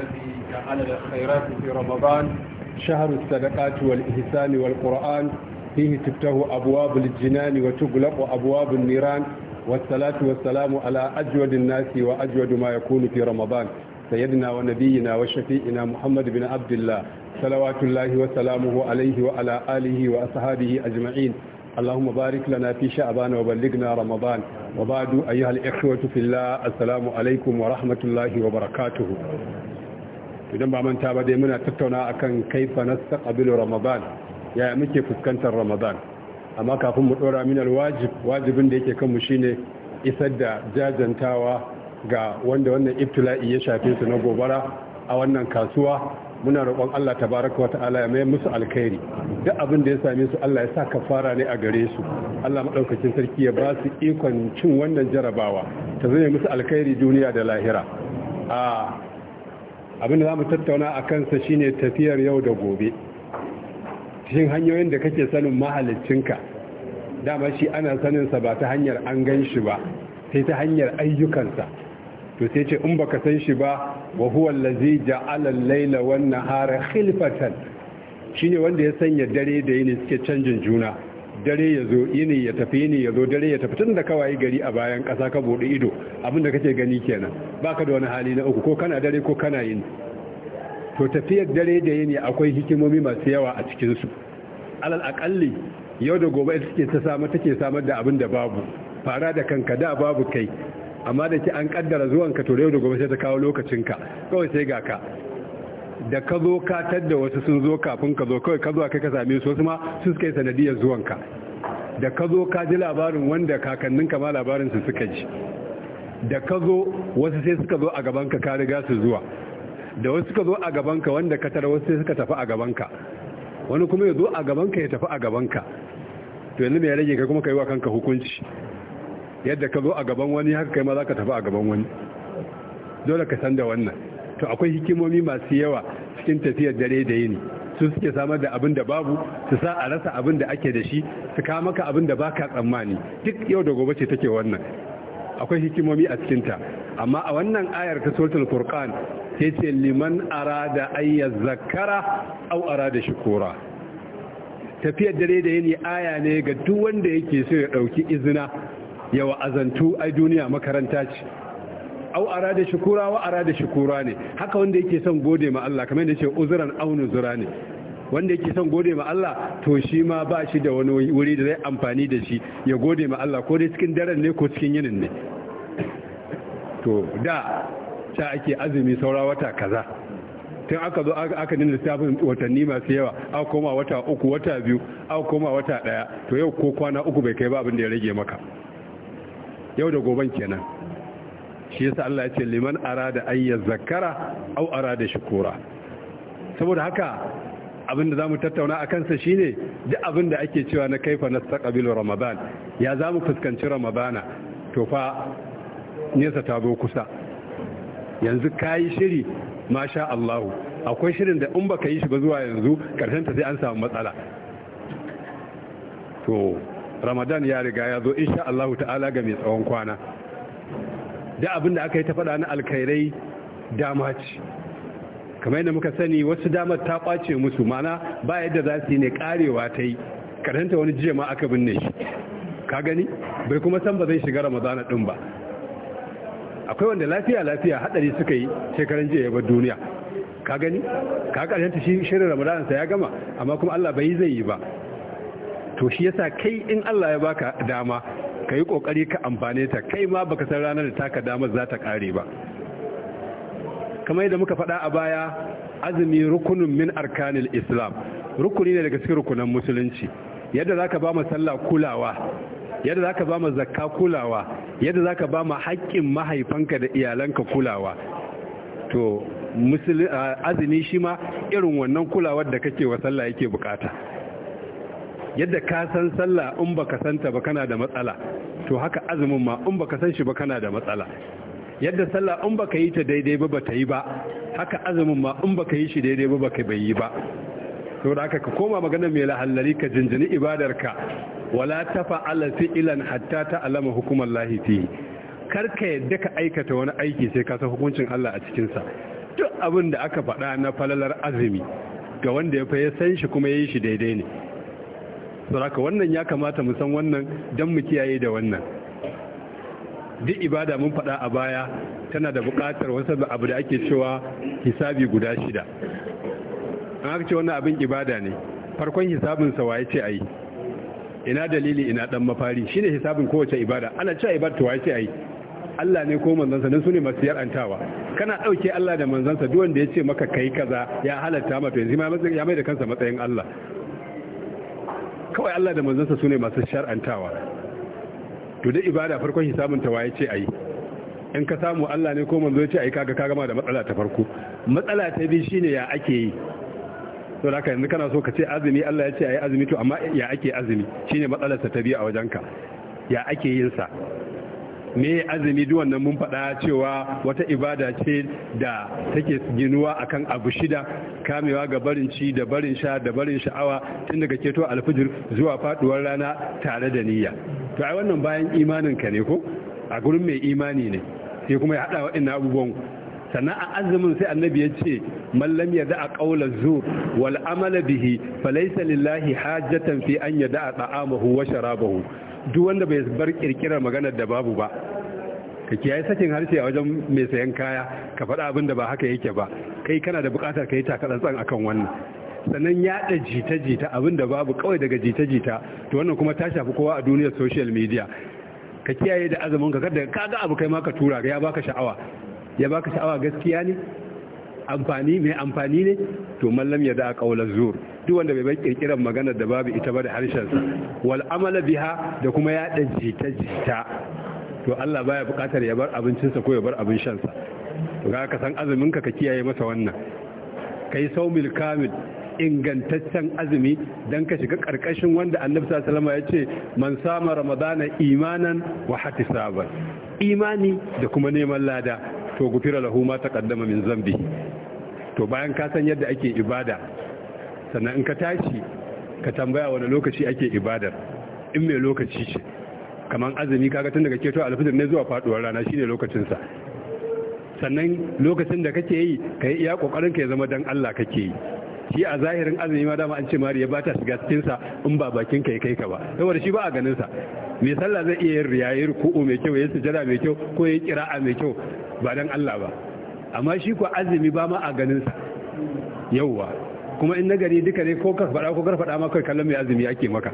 الذي جعل الخيرات في رمضان شهر الصدقات والإحسان والقرآن فيه تفتح أبواب الجنان وتغلق أبواب النيران والصلاة والسلام على أجود الناس وأجود ما يكون في رمضان سيدنا ونبينا وشفيئنا محمد بن عبد الله صلوات الله وسلامه عليه وعلى آله وأصحابه أجمعين اللهم بارك لنا في شعبان وبلغنا رمضان وبعد أيها الإخوة في الله السلام عليكم ورحمة الله وبركاته idan ba manta ba dai muna tattauna akan kaifa nastaqbilu ramadan ya muke fuskantar ramadan amma kafin mu dora min alwajib wajibin da yake kanmu shine isar da jajantawa ga wanda wannan ibtila'i ya shafe su na gobara a wannan kasuwa muna roƙon Allah tabaraka wata'ala ya mai musu alkhairi duk abin da ya same su Allah ya sa kafara ne a gare su Allah madaukakin sarki ya ba su ikon cin wannan jarabawa ta zai musu alkhairi duniya da lahira a ah, abinda za mu tattauna a kansa shine tafiyar yau da gobe cikin hanyoyin da kake sanin mahalicinka dama shi ana saninsa ba ta hanyar an gan shi ba sai ta hanyar ayyukansa to sai ce in baka san shi ba wa huwa allazi ja'ala al-laila wan nahara khilfatan shine wanda ya sanya dare da yini suke canjin juna dare ya zo yini ya tafi yini ya zo dare ya tafi tun da kawai gari a bayan ƙasa ka buɗe ido abin da kake gani kenan baka da wani hali na uku ko kana dare ko kana yini to tafiyar dare da yini akwai hikimomi masu yawa a cikin su alal akalli yau da gobe ita take ta samar take samar da abin da babu fara da kanka da babu kai amma da ke an kaddara zuwanka to yau da gobe sai ta kawo lokacinka kawai sai ga ka da ka zo ka tadda wasu sun zo kafin ka zo kawai ka zo kai ka same su wasu ma su suka yi sanadiyar zuwanka da ka zo ka ji labarin wanda kakannin ka ma labarin su suka ji da ka zo wasu sai suka zo a gabanka ka riga su zuwa da wasu suka zo a gabanka wanda ka tara wasu sai suka tafi a gabanka wani kuma ya zo a gabanka ya tafi a gabanka to yanzu me ya rage ka kuma kai wa kanka hukunci yadda ka zo a gaban wani haka kai ma za ka tafi a gaban wani dole ka san da wannan to akwai hikimomi masu yawa cikin tafiyar dare da yini su suke samar da abin da babu su sa a rasa abin da ake da shi su kawo maka abin da baka tsammani duk yau da gobe ce take wannan akwai hikimomi a cikin ta amma a wannan ayar ta suratul furqan sai ce liman arada ayya zakara aw arada shukura tafiyar dare da yini aya ne ga duk wanda yake so ya dauki izina ya wa'azantu ai duniya makaranta ce au arada shukura wa arada shukura ne haka wanda yake son gode ma Allah kamar yadda ce uzran au ne wanda yake son gode ma Allah to shi ma ba shi da wani wuri da zai amfani da shi ya gode ma Allah ko dai cikin daren ne ko cikin yinin ne to da ta ake azumi saura wata kaza tun aka zo aka nuna lissafin watanni masu yawa aka koma wata uku wata biyu aka koma wata daya to yau ko kwana uku bai kai ba abin da ya rage maka yau da goban kenan shi yasa Allah ya ce liman arada ayya zakara aw arada shukura saboda haka abinda zamu tattauna a kansa shine duk abinda ake cewa na kaifa nastaqbilu ramadan ya zamu fuskanci ramadana to fa nesa ta zo kusa yanzu kai shiri masha Allah akwai shirin da in baka yi shi ba zuwa yanzu karshen ta sai an samu matsala to ramadan ya riga ya zo insha Allah ta'ala ga mai tsawon kwana da abin da aka yi ta faɗa na alkhairai dama ce kamar yadda muka sani wasu damar ta ƙwace musu mana ba yadda za su yi ne ƙarewa ta yi karanta wani jiya ma aka binne shi ka gani bai kuma san ba zai shiga ramadana din ba akwai wanda lafiya lafiya haɗari suka yi shekaran jiya ya bar duniya ka gani ka karanta shi shirin ramadana sa ya gama amma kuma Allah bai zai yi ba to shi yasa kai in Allah ya baka dama ka yi kokari ka amfane ta kai ma baka san ranar da taka damar za ta kare ba kamar yadda muka faɗa a baya azumi rukunin min arkanil islam rukuni ne daga cikin rukunan musulunci yadda zaka ba mu sallah kulawa yadda zaka ba mu zakka kulawa yadda zaka ba mu haƙƙin mahaifanka da iyalanka kulawa to azumi shi ma irin wannan kulawar da kake wa sallah yake bukata yadda ka san sallah in baka santa ba kana da matsala to haka azumin ma in baka san shi ba kana da matsala yadda sallah in baka yi ta daidai ba bata yi ba haka azumin ma in baka yi shi daidai ba baka bai yi ba saboda haka ka koma magana mai lahallari ka jinjini ibadarka wala tafa'ala fi'lan hatta ta'lama fi Kar ka yadda ka aikata wani aiki sai ka san hukuncin Allah a cikin sa duk abin da aka faɗa na falalar azumi ga wanda ya fa ya san shi kuma ya yi shi daidai ne sauraka wannan ya kamata mu san wannan don mu kiyaye da wannan duk ibada mun faɗa a baya tana da buƙatar wasu abu da ake cewa hisabi guda shida an haka ce wannan abin ibada ne farkon hisabinsa waye ce a yi ina dalili ina dan mafari shine hisabin kowace ibada ana cewa ibada to waye ce ayi Allah ne ko manzansa nan ne masu yarantawa kana dauke Allah da manzansa duk wanda ya ce maka kai kaza ya halatta mata yanzu ma ya mai da kansa matsayin Allah kawai Allah da manzansa su ne masu shar'antawa to dai ibada farkon hisabunta waye ce ayi in ka samu Allah ne ko manzo ya ce ayi kaga ka gama da matsala ta farko matsala ta biyu shine ya ake yi to haka yanzu kana so ka ce azumi Allah ya ce ayi azumi to amma ya ake azumi shine matsalar ta biyu a wajenka ya ake yin sa me azumi duk wannan mun faɗa cewa wata ibada ce da take ginuwa akan abu shida kamewa ga barin ci da barin sha da barin sha'awa tun daga keto alfijir zuwa faduwar rana tare da niyya to ai wannan bayan imanin ka ne ko a gurin mai imani ne sai kuma ya haɗa waɗannan abubuwan sannan a azumin sai annabi ya ce mallam ya da'a ƙaula zur wal amala bihi falaisa lillahi hajatan fi an ya da'a ta'amahu wa sharabahu duk wanda bai bar kirkirar maganar da babu ba ka kiyaye sakin harshe a wajen mai sayan kaya ka faɗa abin da ba haka yake ba kai kana da buƙatar ka yi tsan akan wannan sannan yaɗa jita-jita abin da babu kawai daga jita-jita to wannan kuma ta shafi kowa a duniyar social media ka kiyaye da azumin ka kada ka ga abu kai ma ka tura ya baka sha'awa ya baka sha'awa gaskiya ne amfani mai amfani ne to mallam ya da kaular zur duk wanda bai bai kirkirar maganar da babu ita ba da harshensa wal amala biha da kuma ya ɗan jita jita to Allah baya buƙatar ya bar abincinsa ko ya bar abin shansa to ga ka san azumin ka ka kiyaye masa wannan kai saumil kamil ingantaccen azumi dan ka shiga karkashin wanda annabi sallallahu alaihi ya ce man sama ramadana imanan wa ihtisaban imani da kuma neman lada to gufira lahu ma taqaddama min zambi to bayan ka san yadda ake ibada sannan in ka tashi ka tambaya wani lokaci ake ibadar in mai lokaci ce kamar azumi kaga tun daga keto alfijir ne zuwa faduwar rana shine lokacin sa sannan lokacin da kake yi ka iya kokarin ka ya zama dan Allah kake yi shi a zahirin azumi ma dama an ce mariya ba ta shiga cikin sa in ba bakin kai kai ka ba saboda shi ba a ganin sa me sallah zai iya yin yi ruku'u mai kyau ya sujada mai kyau ko ya kira'a mai kyau ba dan Allah ba amma shi ko azumi ba ma a ganin sa yauwa kuma in nagari duka ne ko ka faɗa ko faɗa ma kai kallon mai azumi ake maka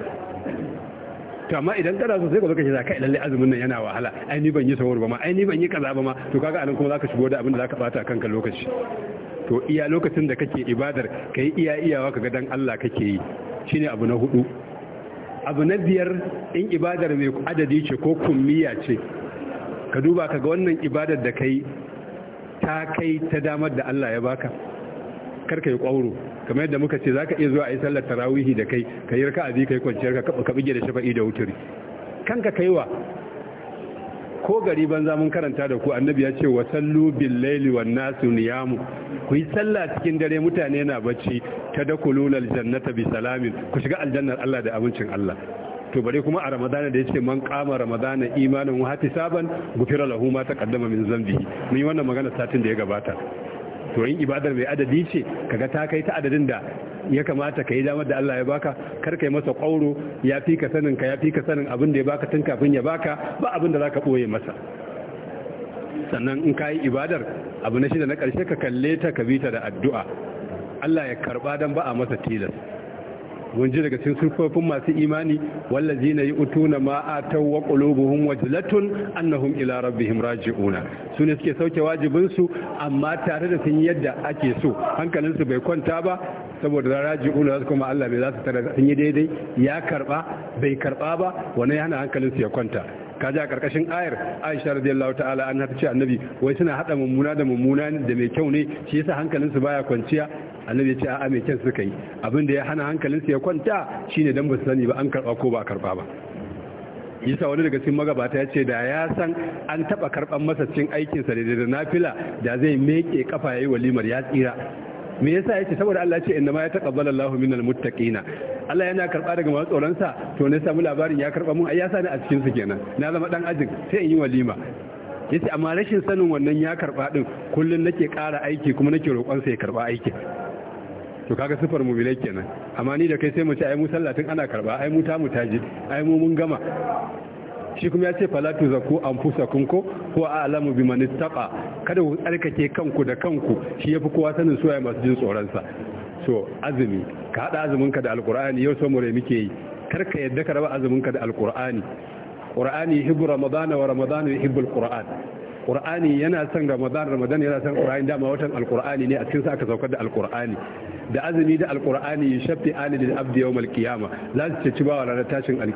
to amma idan kana so sai ka zo ka ce zaka lalle azumin nan yana wahala ai ni ban yi sahur ba ma ai ni ban yi kaza ba ma to kaga anan kuma zaka shigo da abin da zaka bata kanka lokaci to iya lokacin da kake ibadar ka yi iya iyawa ka dan Allah kake yi Shi ne abu na hudu abu na biyar in ibadar mai adadi ce ko kummiya ce ka duba ka ga wannan ibadar da kai ta kai ta damar da Allah ya baka karka yi kwauro kamar yadda muka ce za ka iya zuwa a yi sallar tarawihi da kai ka yi raka'a bi kai kwanciyar ka kaɓi da shafa'i da wuturi kanka kaiwa ko gari banza mun karanta da ku annabi ya ce wa bil laili wan nasu niyamu ku yi sallah cikin dare mutane na bacci da al jannata bi salamin ku shiga aljannar Allah da abincin Allah to bare kuma a ramadana da yace man kama ramadana imanin wa hatisaban gufira lahu ma taqaddama min zambi mun yi wannan magana satin da ya gabata to yin ibadar mai adadi ce kaga ta kai ta adadin da ya kamata ka yi damar da Allah ya baka kar kai masa kwauro ya fi ka sanin ka ya fi ka sanin abin da ya baka tun kafin ya baka ba abin da zaka boye masa sannan in ka yi ibadar abu na shida na ƙarshe ka kalle ta ka bi ta da addu'a Allah ya karba dan ba a masa tilas ji daga cikin sufofin masu imani na wallazi yi yu'tuna ma ataw wa qulubuhum wajlatun annahum ila rabbihim raji'una su ne suke sauke wajibin su amma tare da sun yadda ake so hankalinsu bai kwanta ba saboda raji'una su kuma Allah bai za su tare sun yi daidai ya karba bai karba ba wani yana hankalin su ya kwanta kaji a karkashin ayar Aisha radiyallahu ta'ala an hata ce annabi wai suna hada mummuna da mummuna da mai kyau ne shi yasa hankalin baya kwanciya annabi ya ce a'a mai kyau suka yi abin da ya hana hankalin ya kwanta shi ne dan ba su sani ba an karba ko ba karba ba yasa wani daga cikin magabata ya ce da ya san an taba karban masa cikin aikinsa da da nafila da zai meke kafa yayi walimar ya tsira me yasa yake saboda Allah ce inna ma ya taqabbala Allahu minal muttaqina Allah yana karba daga masu tsoron sa to ne samu labarin ya karba mun ai ya sani a cikin su kenan na zama dan ajin sai in yi walima yace amma rashin sanin wannan ya karba din kullun nake ƙara aiki kuma nake roƙon sa ya karba aiki to kaga sifar mu'minai kenan amma ni da kai sai mu ci ai mu sallatin ana karba ai mu ta mu taji ai mu mun gama shi kuma ya ce falatu zaku kunko ko a a'lamu biman ittaqa kada ku tsarkake kanku da kanku shi yafi kowa sanin soyayya masu jin tsoron sa so azumi ka hada azumin ka da alqur'ani yau so more muke yi kar ka yadda ka raba azumin ka da alqur'ani qur'ani yuhibbu ramadana wa ramadana yuhibbu alqur'an qur'ani yana son ramadan ramadan yana son qur'ani dama watan alqur'ani ne a cikin sa aka saukar da alqur'ani da azumi da ya shafi ani da abdi yau malkiyama za su ci cibawa ranar tashin ka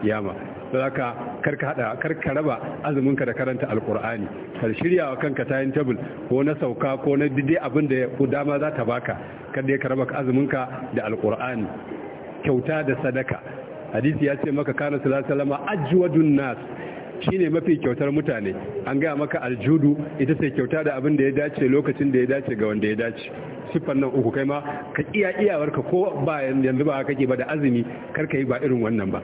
don ka karka hada karka raba azumin da karanta alkur'ani ka shirya wa kanka tayin tabul ko na sauka ko na dide abin da dama za ta baka dai ka raba azumin ka da alkur'ani kyauta da sadaka hadisi ya ce maka kana sallallahu alaihi wasallam ajwadun nas shine mafi kyautar mutane an gaya maka aljudu ita ce kyauta da abin da ya dace lokacin da ya dace ga wanda ya dace siffar nan uku kai ma ka iya iyawarka ko ba yanzu ba kake ba da azumi kar ka yi ba irin wannan ba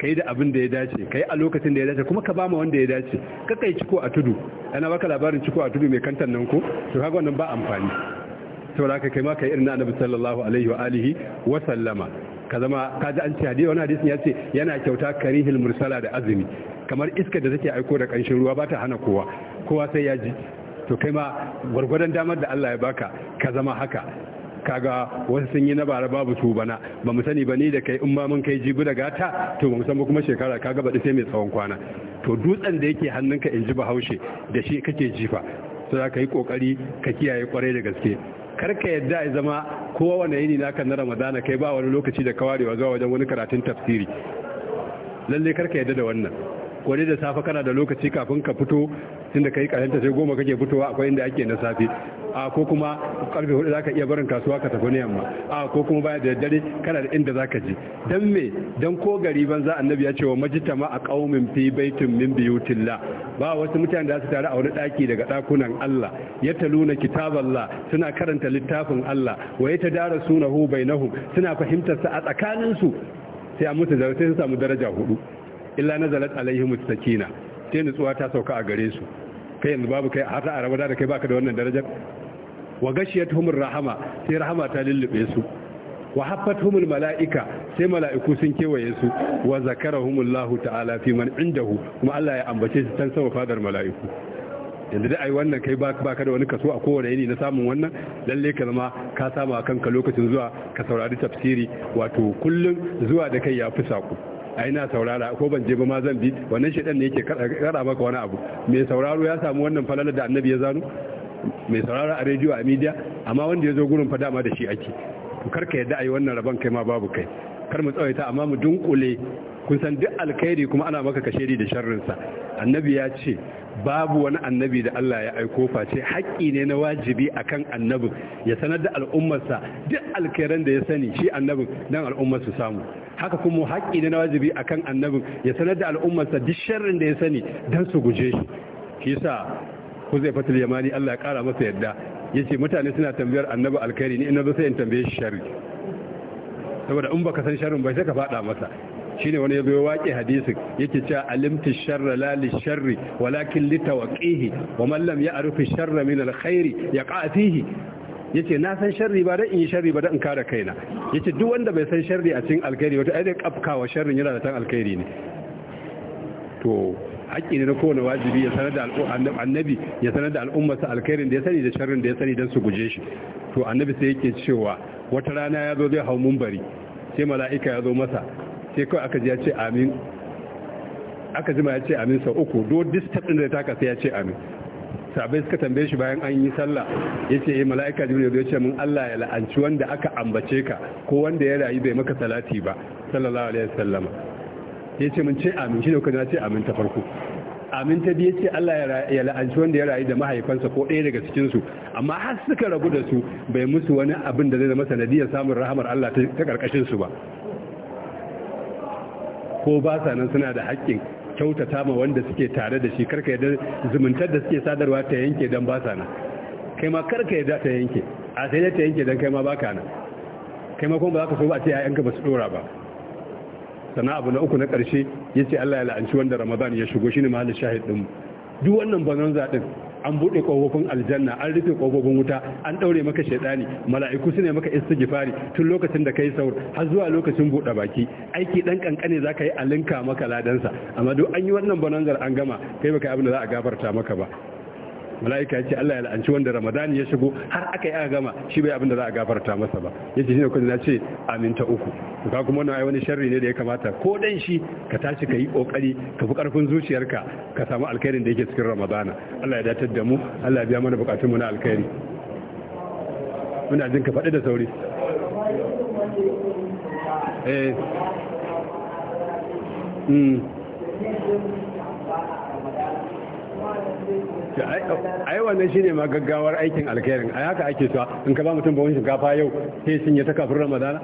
ka yi da abin da ya dace ka yi a lokacin da ya dace kuma ka ba ma wanda ya dace ka kai ciko a tudu ana baka labarin ciko a tudu mai kantan nan ko to kaga wannan ba amfani saboda ka kai ma kai irin annabi sallallahu alaihi wa alihi wa sallama ka zama ka ji an ce hadisi wani hadisin ya ce yana kyauta karihil mursala da azumi kamar iska da take aiko da ƙanshin ruwa ba ta hana kowa kowa sai ya ji to kai ma gwargwadon damar da Allah ya baka ka zama haka kaga wasu sun yi na bara babu su bana ba mu sani ba ni da kai in ma mun kai jibi da gata to ba mu san ba kuma shekara kaga baɗi sai mai tsawon kwana to dutsen da yake hannunka in ji bahaushe da shi kake jifa za ka yi kokari ka kiyaye kwarai da gaske kar ka yadda ya zama kowa wani yini naka na ramadana kai ba wani lokaci da kawarewa zuwa wajen wani karatun tafsiri lalle ka yadda da wannan wani da safe kana da lokaci kafin ka fito tun da kai karanta sai goma kake fitowa akwai inda ake na safe a ko kuma karfe hudu zaka iya barin kasuwa ka tafi ne yamma a ko kuma baya da daddare kana da inda zaka je dan me dan ko gari ban za annabi ya ce wa majtama a qaumin fi baitin min biyutillah ba wasu mutane da su tare a wani daki daga dakunan Allah ya taluna kitaballah suna karanta littafin Allah wa yatadarasunahu bainahum suna fahimtar sa a su sai a mutu sai su samu daraja hudu illa nazalat alaihim sakina sai nutsuwa ta sauka a gare su kai yanzu babu kai har a rabada da kai baka da wannan darajar wa gashiyatuhum rahama sai rahama ta lullube su wa haffatuhumul malaika sai mala'iku sun kewaye su wa zakarahumullahu ta'ala fi man indahu kuma Allah ya ambace su san sama fadar mala'iku yanzu dai ai wannan kai baka da wani kaso a kowane yini na samun wannan lalle ka zama ka samu a kanka lokacin zuwa ka saurari tafsiri wato kullum zuwa da kai ya fi sako A ina saurara ko ban je ba ma zan bi wannan shedan ne yake kada maka wani abu mai sauraro ya samu wannan falalar da annabi ya zanu mai sauraro a rediyo a media amma wanda ya zo gurin fada ma da shi ake to ka yadda ai wannan raban kai ma babu kai kar mu tsawaita amma mu dunkule kun san duk alkhairi kuma ana maka kashedi da sharrinsa annabi ya ce babu wani annabi da Allah ya aiko face haƙƙi ne na wajibi akan annabin ya sanar da al'ummarsa duk alkairan da ya sani shi annabin dan al'ummar su samu haka kuma haƙƙi ne na wajibi akan annabin ya sanar da al'ummarsa duk sharrin da ya sani dan su guje shi shi yasa zai Fatul Yamani Allah ya kara masa yadda yace mutane suna tambayar annabi alkhairi ne in nazo sai in tambaye shi sharri saboda in baka san sharrin ba sai ka faɗa masa shine wani yazo ya waƙe hadisin yake cewa alimtu sharra la li sharri walakin li tawqihi wa man lam ya'rif sharra min al khairi yaqa fihi yace na san sharri ba dan in yi sharri ba dan in kare kaina yace duk wanda bai san sharri a cikin alkhairi wato ai da kafkawa sharrin yana da tan alkhairi ne to haƙƙi ne na kowane wajibi ya sanar da annabi ya sanar da al'ummarsa alkhairin da ya sani da sharrin da ya sani don su guje shi to annabi sai yake cewa wata rana ya zo zai hau mumbari sai mala'ika ya zo masa sai kawai aka ji ya ce amin aka jima ya ce amin sau uku do distat ɗin da ta taka sai ya ce amin sabai suka tambaye shi bayan an yi sallah ya ce yi eh, mala'ika jibril ya ce mun Allah ya la'anci wanda aka ambace ka ko wanda ya rayu bai maka salati ba sallallahu alaihi wasallam ya ce mun ce amin shi ne kuka ce amin ta farko amin ta biye ce Allah ya la'anci wanda ya rayu da mahaifansa ko ɗaya daga cikinsu amma har suka rabu da su bai musu wani abin da zai zama sanadiyar samun rahamar Allah ta karkashin su ba ko ba sa nan suna da haƙƙin kyautata ma wanda suke tare da shi karka yadda zumuntar da suke sadarwa ta yanke don ba sa nan kai ma karka yadda ta yanke a sai ta yanke don kai ma baka nan kai ma kuma ba za ka so ba a ce yanka ba su ɗora ba sana abu na uku na ƙarshe ya ce Allah ya la'anci wanda Ramadan ya shigo shi ne mahallin shahid ɗin duk wannan zan zaɗin an buɗe ƙofofin aljanna an rufe ƙofofin wuta an ɗaure maka shaiɗani mala'iku su ne maka istighfari tun lokacin da kai saur har zuwa lokacin buɗe baki aiki ɗan kankane za ka yi alinka linka maka ladansa amma duk an yi wannan bananzar an gama kai baka abin da za a gafarta maka ba mala'ika ya ce Allah ya la'anci wanda ramadani ya shigo har aka yi aka gama shi bai abin da za a gafarta masa ba ya ce shine na ce aminta uku ka kuma wannan ai wani sharri ne da ya kamata ko dan shi ka tashi ka yi kokari ka fi karfin zuciyarka ka samu alkhairin da yake cikin ramadana Allah ya datar da mu Allah ya biya mana bukatun mu na alkhairi muna jin ka faɗi da sauri eh mm ai wannan shine ma gaggawar aikin alkhairin a haka ake so in ka ba mutum ba wani shinkafa yau sai sun yi ta kafin ramadana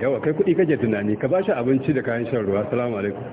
yawa kai kuɗi kake tunani ka ba shi abinci da kayan shan ruwa salamu alaikum